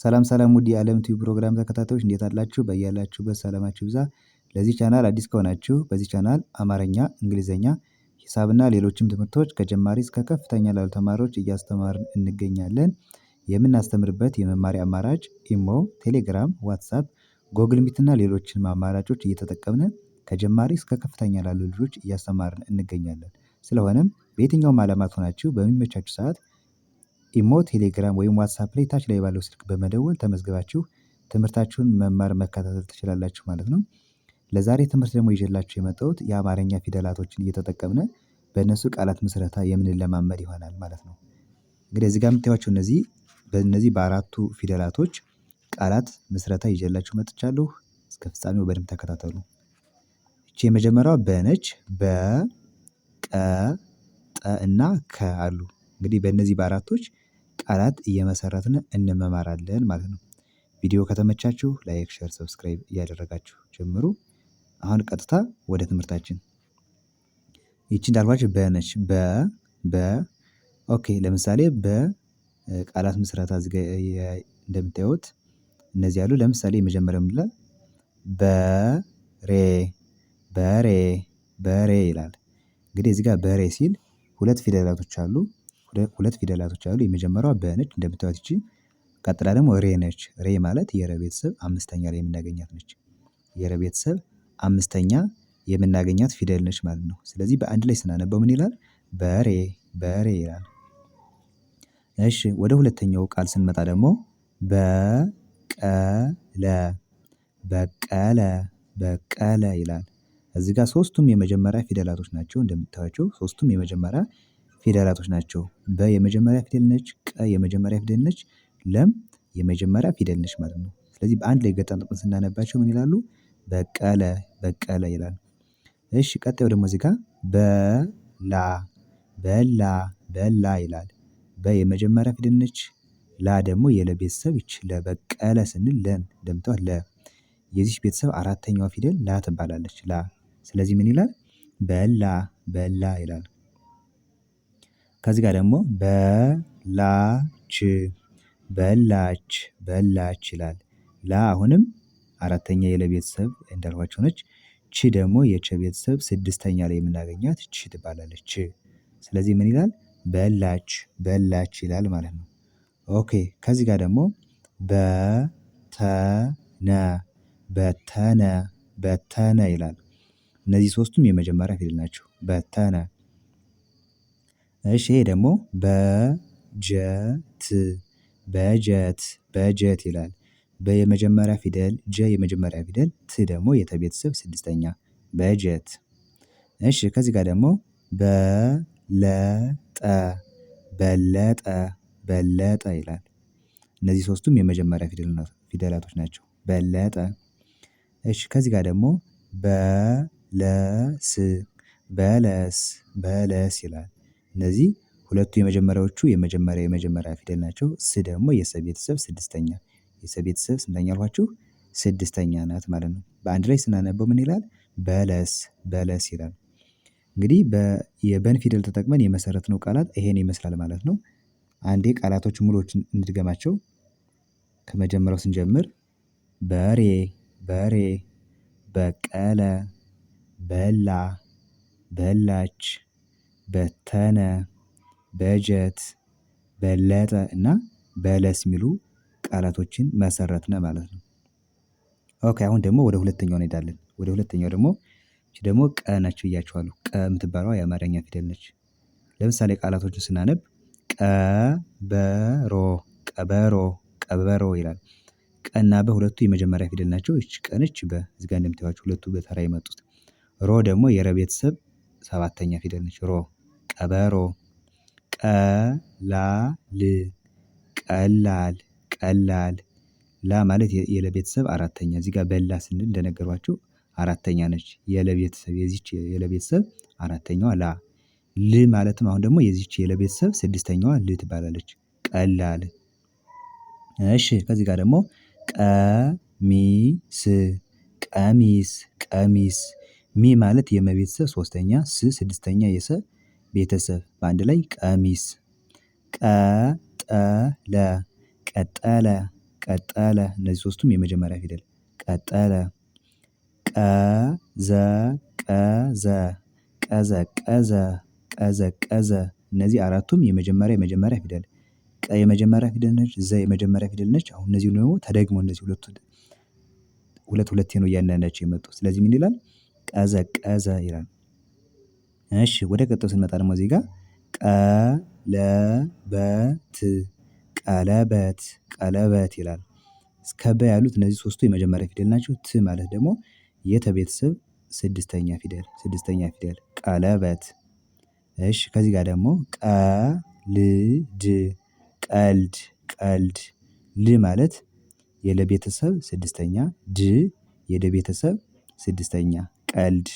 ሰላም ሰላም ውድ የዓለም ቲቪ ፕሮግራም ተከታታዮች እንዴት አላችሁ? በያላችሁበት ሰላማችሁ ብዛ። ለዚህ ቻናል አዲስ ከሆናችሁ በዚህ ቻናል አማርኛ፣ እንግሊዝኛ፣ ሂሳብና ሌሎችም ትምህርቶች ከጀማሪ እስከ ከፍተኛ ላሉ ተማሪዎች እያስተማርን እንገኛለን። የምናስተምርበት የመማሪያ አማራጭ ኢሞ፣ ቴሌግራም፣ ዋትሳፕ፣ ጎግል ሚት እና ሌሎችንም አማራጮች እየተጠቀምን ከጀማሪ እስከ ከፍተኛ ላሉ ልጆች እያስተማርን እንገኛለን። ስለሆነም በየትኛውም ዓላማት ሆናችሁ በሚመቻችሁ ሰዓት ኢሞ ቴሌግራም ወይም ዋትሳፕ ላይ ታች ላይ ባለው ስልክ በመደወል ተመዝግባችሁ ትምህርታችሁን መማር መከታተል ትችላላችሁ ማለት ነው። ለዛሬ ትምህርት ደግሞ ይዤላችሁ የመጣሁት የአማርኛ ፊደላቶችን እየተጠቀምነ በእነሱ ቃላት ምስረታ የምንለማመድ ይሆናል ማለት ነው። እንግዲህ እዚህ ጋር እነዚህ በእነዚህ በአራቱ ፊደላቶች ቃላት ምስረታ ይዤላችሁ መጥቻለሁ እስከ ፍጻሜው በደንብ ተከታተሉ። እቺ የመጀመሪያዋ በነች በ ቀ ጠ እና ከ አሉ እንግዲህ በእነዚህ በአራቶች ቃላት እየመሰረትን እንመማራለን ማለት ነው። ቪዲዮ ከተመቻችሁ ላይክ ሼር ሰብስክራይብ እያደረጋችሁ ጀምሩ። አሁን ቀጥታ ወደ ትምህርታችን። ይቺ እንዳልኳችሁ በነች በ በ ኦኬ ለምሳሌ በቃላት ምስረታ እዚጋ እንደምታዩት እነዚህ ያሉ ለምሳሌ የመጀመሪያው ምንድነው? በሬ በሬ በሬ ይላል። እንግዲህ እዚህ ጋር በሬ ሲል ሁለት ፊደላቶች አሉ ሁለት ፊደላቶች አሉ የመጀመሪያዋ በነች እንደምታዩት ይቺ ቀጥላ ደግሞ ሬ ነች ሬ ማለት የረ ቤተሰብ አምስተኛ ላይ የምናገኛት ነች። የረ ቤተሰብ አምስተኛ የምናገኛት ፊደል ነች ማለት ነው። ስለዚህ በአንድ ላይ ስናነበው ምን ይላል? በሬ በሬ ይላል። እሺ ወደ ሁለተኛው ቃል ስንመጣ ደግሞ በቀለ በቀለ በቀለ ይላል። እዚህ ጋር ሶስቱም የመጀመሪያ ፊደላቶች ናቸው እንደምታዩዋቸው ሶስቱም የመጀመሪያ ፊደላቶች ናቸው። በ የመጀመሪያ ፊደል ነች ቀ የመጀመሪያ ፊደል ነች ለም የመጀመሪያ ፊደል ነች ማለት ነው። ስለዚህ በአንድ ላይ ገጣጥመን ስናነባቸው ምን ይላሉ? በቀለ በቀለ ይላል። እሺ ቀጣዩ ደግሞ እዚህ ጋር በላ በላ በላ ይላል። በ የመጀመሪያ ፊደል ነች። ላ ደግሞ የለ ቤተሰብ ይች ለበቀለ ስንል ለን እንደምታዩት ለ የዚች ቤተሰብ አራተኛዋ ፊደል ላ ትባላለች ላ ስለዚህ ምን ይላል? በላ በላ ይላል ከዚህ ጋር ደግሞ በላች በላች በላች ይላል። ላ አሁንም አራተኛ የለ ቤተሰብ እንዳልኳቸው ነች። ቺ ደግሞ የቸ ቤተሰብ ስድስተኛ ላይ የምናገኛት ቺ ትባላለች። ስለዚህ ምን ይላል? በላች በላች ይላል ማለት ነው። ኦኬ ከዚህ ጋር ደግሞ በተነ በተነ በተነ ይላል። እነዚህ ሶስቱም የመጀመሪያ ፊደል ናቸው። በተነ እሺ ይሄ ደግሞ በጀት በጀት በጀት ይላል በየመጀመሪያ የመጀመሪያ ፊደል ጀ የመጀመሪያ ፊደል ት ደግሞ የተቤተሰብ ስድስተኛ በጀት። እሺ ከዚህ ጋር ደግሞ በለጠ በለጠ በለጠ ይላል እነዚህ ሶስቱም የመጀመሪያ ፊደላቶች ናቸው በለጠ። እሺ ከዚህ ጋር ደግሞ በለስ በለስ በለስ ይላል እነዚህ ሁለቱ የመጀመሪያዎቹ የመጀመሪያ የመጀመሪያ ፊደል ናቸው። ስ ደግሞ የሰ ቤተሰብ ስድስተኛ የሰ ቤተሰብ ስንተኛ አልኳችሁ? ስድስተኛ ናት ማለት ነው። በአንድ ላይ ስናነበው ምን ይላል? በለስ በለስ ይላል። እንግዲህ የበን ፊደል ተጠቅመን የመሰረትነው ቃላት ይሄን ይመስላል ማለት ነው። አንዴ ቃላቶች ሙሎች እንድገማቸው። ከመጀመሪያው ስንጀምር በሬ በሬ በቀለ በላ በላች በተነ በጀት በለጠ እና በለስ የሚሉ ቃላቶችን መሰረትነ ማለት ነው። ኦኬ አሁን ደግሞ ወደ ሁለተኛው እንሄዳለን ወደ ሁለተኛው ደግሞ ይቺ ደግሞ ቀ ነች ብያችኋለሁ ቀ የምትባለዋ የአማርኛ ፊደል ነች። ለምሳሌ ቃላቶችን ስናነብ ቀበሮ ቀበሮ ቀበሮ ይላል ቀና ሁለቱ የመጀመሪያ ፊደል ናቸው ይቺ ቀነች በ እዚጋ ጋር ሁለቱ በተራ የመጡት ሮ ደግሞ የረ ቤተሰብ ሰባተኛ ፊደል ነች ሮ ቀበሮ ቀላል ቀላል ቀላል ላ ማለት የለቤተሰብ አራተኛ እዚህ ጋር በላ ስንል እንደነገሯችሁ አራተኛ ነች የለቤተሰብ የዚች የለቤተሰብ አራተኛዋ ላ ል ማለትም አሁን ደግሞ የዚች የለቤተሰብ ስድስተኛዋ ል ትባላለች ቀላል። እሺ ከዚህ ጋር ደግሞ ቀሚስ ቀሚስ ቀሚስ ሚ ማለት የመቤተሰብ ሶስተኛ ስ ስድስተኛ የሰብ ቤተሰብ በአንድ ላይ ቀሚስ ቀጠለ ቀጠለ ቀጠለ እነዚህ ሶስቱም የመጀመሪያ ፊደል ቀጠለ ቀዘቀዘ ቀዘቀዘ ቀዘቀዘ እነዚህ አራቱም የመጀመሪያ የመጀመሪያ ፊደል ቀ የመጀመሪያ ፊደል ነች ዘ የመጀመሪያ ፊደል ነች። አሁን እነዚህ ደግሞ ተደግሞ እነዚህ ሁለቱ ሁለት ሁለቴ ነው እያነነች የመጡ ስለዚህ ምን ይላል? ቀዘቀዘ ይላል እሺ ወደ ቀጣዩ ስንመጣ ደግሞ እዚህ ጋር ቀለበት ቀለበት ቀለበት ይላል። እስከ በ ያሉት እነዚህ ሶስቱ የመጀመሪያ ፊደል ናቸው። ት ማለት ደግሞ የተቤተሰብ ስድስተኛ ፊደል ስድስተኛ ፊደል ቀለበት። እሺ ከዚህ ጋር ደግሞ ቀልድ ቀልድ ቀልድ ል ማለት የለቤተሰብ ስድስተኛ ድ የደቤተሰብ ስድስተኛ ቀልድ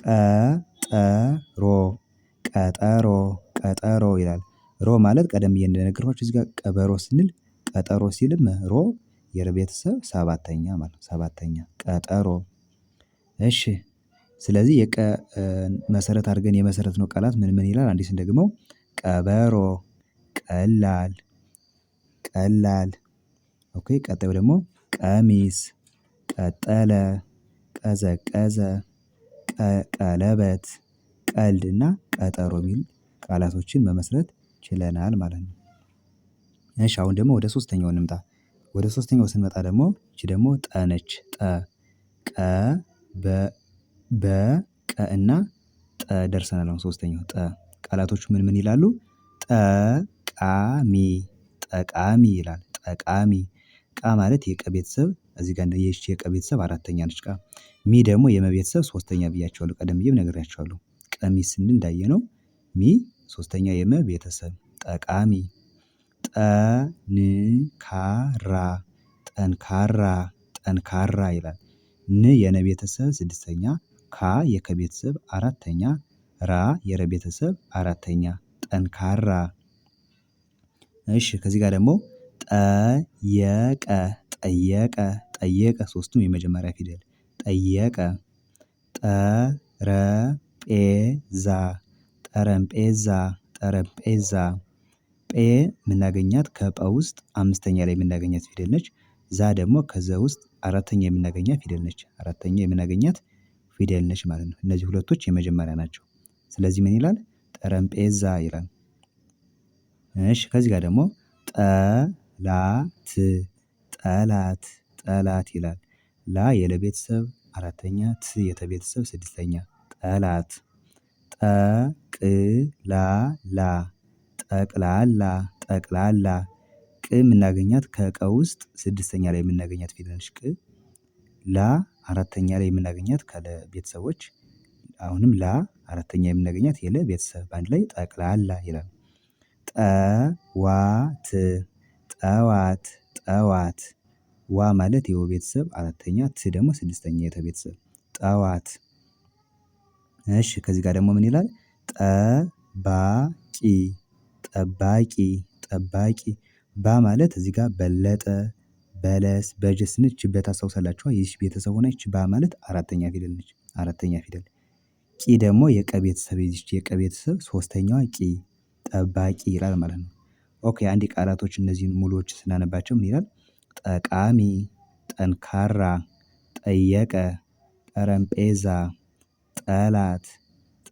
ቀ ቀጠሮ ቀጠሮ ቀጠሮ ይላል ሮ ማለት ቀደም ብዬ እንደነገርኳችሁ እዚህ ጋር ቀበሮ ስንል ቀጠሮ ሲልም ሮ የቤተሰብ ሰባተኛ ማለት ነው ሰባተኛ ቀጠሮ። እሺ ስለዚህ የቀ መሰረት አድርገን የመሰረት ነው ቃላት ምን ምን ይላል? አንዲስ ስንደግመው ቀበሮ ቀላል ቀላል ኦኬ ቀጣዩ ደግሞ ቀሚስ ቀጠለ ቀዘቀዘ ቀለበት ቀልድ እና ቀጠሮ የሚል ቃላቶችን መመስረት ችለናል ማለት ነው። እሺ አሁን ደግሞ ወደ ሶስተኛው እንምጣ። ወደ ሶስተኛው ስንመጣ ደግሞ እቺ ደግሞ ጠነች ጠ ቀ በ በ ቀ እና ጠ ደርሰናል። አሁን ሶስተኛው ጠ ቃላቶቹ ምን ምን ይላሉ? ጠቃሚ ጠቃሚ ይላል ጠቃሚ ቃ ማለት የቀ ቤተሰብ እዚህ ጋር የይቺ የቀ ቤተሰብ አራተኛ ነች። ቃ ሚ ደግሞ የመ ቤተሰብ ሶስተኛ ብያቸዋለሁ ቀደም ብዬም ነግሬያቸዋለሁ። ቀሚ ስንል እንዳየ ነው። ሚ ሶስተኛ የመ ቤተሰብ ጠቃሚ ጠንካራ ጠንካራ ጠንካራ ይላል። ን የነ ቤተሰብ ስድስተኛ ካ የከ ቤተሰብ አራተኛ ራ የረ ቤተሰብ አራተኛ ጠንካራ። እሺ ከዚህ ጋር ደግሞ ጠየቀ ጠየቀ ጠየቀ ሶስቱም የመጀመሪያ ፊደል ጠየቀ ጠረጴዛ ጠረጴዛ ጠረጴዛ ጴ የምናገኛት ከጰ ውስጥ አምስተኛ ላይ የምናገኛት ፊደል ነች። ዛ ደግሞ ከዘ ውስጥ አራተኛ የምናገኛት ፊደል ነች አራተኛ የምናገኛት ፊደል ነች ማለት ነው። እነዚህ ሁለቶች የመጀመሪያ ናቸው። ስለዚህ ምን ይላል ጠረጴዛ ይላል። እሺ ከዚህ ጋር ደግሞ ጠላት ጠላት ጠላት ይላል። ላ የለቤተሰብ አራተኛ ት የተቤተሰብ ስድስተኛ ጠላት ጠቅላላ ጠቅላላ ጠቅላላ ቅ የምናገኛት ከቀ ውስጥ ስድስተኛ ላይ የምናገኛት ፊደል ነች። ቅ ላ አራተኛ ላይ የምናገኛት ከለ ቤተሰቦች አሁንም ላ አራተኛ የምናገኛት የለ ቤተሰብ በአንድ ላይ ጠቅላላ ይላል። ጠዋት ጠዋት ጠዋት ዋ ማለት የወ ቤተሰብ አራተኛ ት ደግሞ ስድስተኛ የተ ቤተሰብ ጠዋት። እሺ ከዚህ ጋር ደግሞ ምን ይላል? ጠባቂ ጠባቂ ጠባቂ ባ ማለት እዚህ ጋር በለጠ በለስ በጀስ ነች በታስታውሳላችኋ ይህች ቤተሰብ ሆና ይች ባ ማለት አራተኛ ፊደል ነች አራተኛ ፊደል። ቂ ደግሞ የቀ ቤተሰብ የዚች የቀ ቤተሰብ ሶስተኛዋ ቂ ጠባቂ ይላል ማለት ነው። ኦኬ አንድ ቃላቶች እነዚህን ሙሉዎች ስናነባቸው ምን ይላል ጠቃሚ ጠንካራ ጠየቀ ጠረጴዛ ጠላት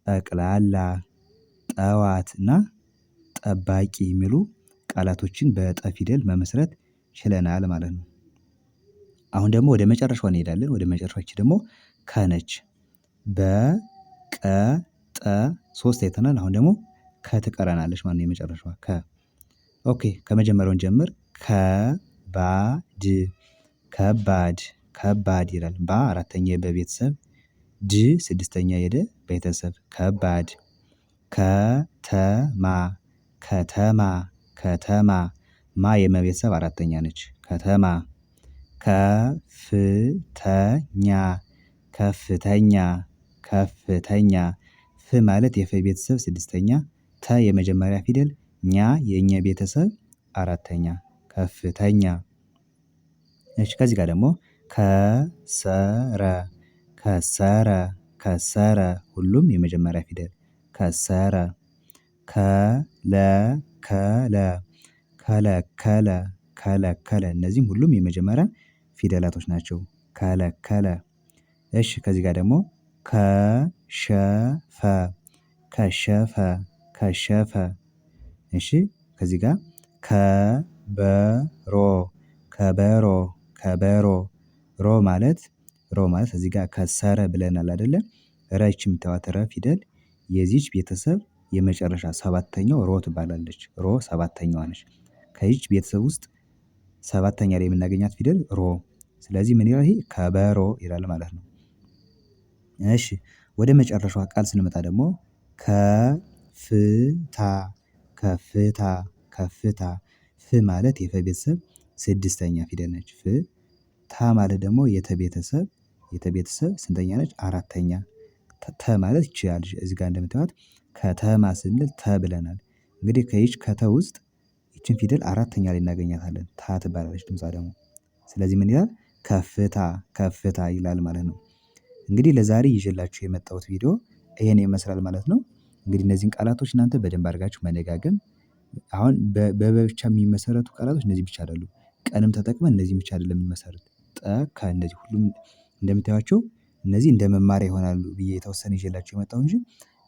ጠቅላላ ጠዋት እና ጠባቂ የሚሉ ቃላቶችን በጠ ፊደል መመስረት ችለናል ማለት ነው። አሁን ደግሞ ወደ መጨረሻው እንሄዳለን ወደ መጨረሻች ደግሞ ከነች በቀ ጠ ሶስት አይተናል አሁን ደግሞ ከትቀረናለች ትቀረናለች ማለት ነው። የመጨረሻዋ ከ ኦኬ ከመጀመሪያውን ጀምር ከ ባድ ከባድ ከባድ ይላል ባ አራተኛ በቤተሰብ ድ ስድስተኛ የደ ቤተሰብ ከባድ ከተማ ከተማ ከተማ ማ የመቤተሰብ አራተኛ ነች ከተማ ከፍተኛ ከፍተኛ ከፍተኛ ፍ ማለት የፈ ቤተሰብ ስድስተኛ ተ የመጀመሪያ ፊደል ኛ የኛ ቤተሰብ አራተኛ ከፍተኛ እሺ ከዚህ ጋር ደግሞ ከሰረ ከሰረ ከሰረ ሁሉም የመጀመሪያ ፊደል ከሰረ ከለከለ ከለከለ ከለከለ እነዚህም ሁሉም የመጀመሪያ ፊደላቶች ናቸው። ከለከለ እሺ ከዚህ ጋር ደግሞ ከሸፈ ከሸፈ ከሸፈ እሺ ከዚህ ጋር በሮ ከበሮ ከበሮ ሮ ማለት ሮ ማለት እዚህ ጋር ከሰረ ብለናል አይደለ ረች ይቺ ረ ፊደል የዚች ቤተሰብ የመጨረሻ ሰባተኛው ሮ ትባላለች ሮ ሰባተኛዋ ነች። ከይች ቤተሰብ ውስጥ ሰባተኛ ላይ የምናገኛት ፊደል ሮ ስለዚህ ምን ይላል ይሄ ከበሮ ይላል ማለት ነው። እሺ ወደ መጨረሻዋ ቃል ስንመጣ ደግሞ ከፍታ ከፍታ ከፍታ ፍ ማለት የፈ ቤተሰብ ስድስተኛ ፊደል ነች። ፍ ታ ማለት ደግሞ የተ ቤተሰብ የተ ቤተሰብ ስንተኛ ነች? አራተኛ። ተ ማለት ይችላል። እዚህ ጋር እንደምታዩት ከተማ ስንል ተ ብለናል። እንግዲህ ከይች ከተ ውስጥ ይችን ፊደል አራተኛ ላይ እናገኛታለን ታ ትባላለች ድምጿ ደግሞ ስለዚህ ምን ይላል ከፍታ ከፍታ ይላል ማለት ነው። እንግዲህ ለዛሬ ይዤላችሁ የመጣሁት ቪዲዮ ይሄን ይመስላል ማለት ነው። እንግዲህ እነዚህን ቃላቶች እናንተ በደንብ አድርጋችሁ መደጋገም አሁን በበብቻ የሚመሰረቱ ቃላቶች እነዚህ ብቻ አይደሉም ቀንም ተጠቅመን እነዚህ ብቻ አይደለም የምንመሰርት ጠካ ሁሉም እንደምታያቸው እነዚህ እንደ መማሪያ ይሆናሉ ብዬ የተወሰነ ይዤላችሁ የመጣው እንጂ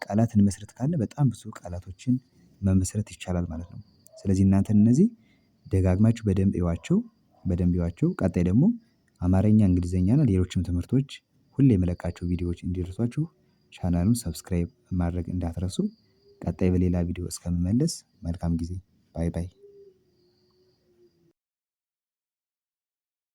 ቃላትን መስረት ካለ በጣም ብዙ ቃላቶችን መመስረት ይቻላል ማለት ነው። ስለዚህ እናንተን እነዚህ ደጋግማችሁ በደንብ ዋቸው በደንብ እዩዋቸው ቀጣይ ደግሞ አማርኛ እንግሊዘኛ ሌሎችም ትምህርቶች ሁሌ የመለቃቸው ቪዲዮዎች እንዲደርሷችሁ ቻናሉን ሰብስክራይብ ማድረግ እንዳትረሱ ቀጣይ በሌላ ቪዲዮ እስከምመልስ መልካም ጊዜ ባይ ባይ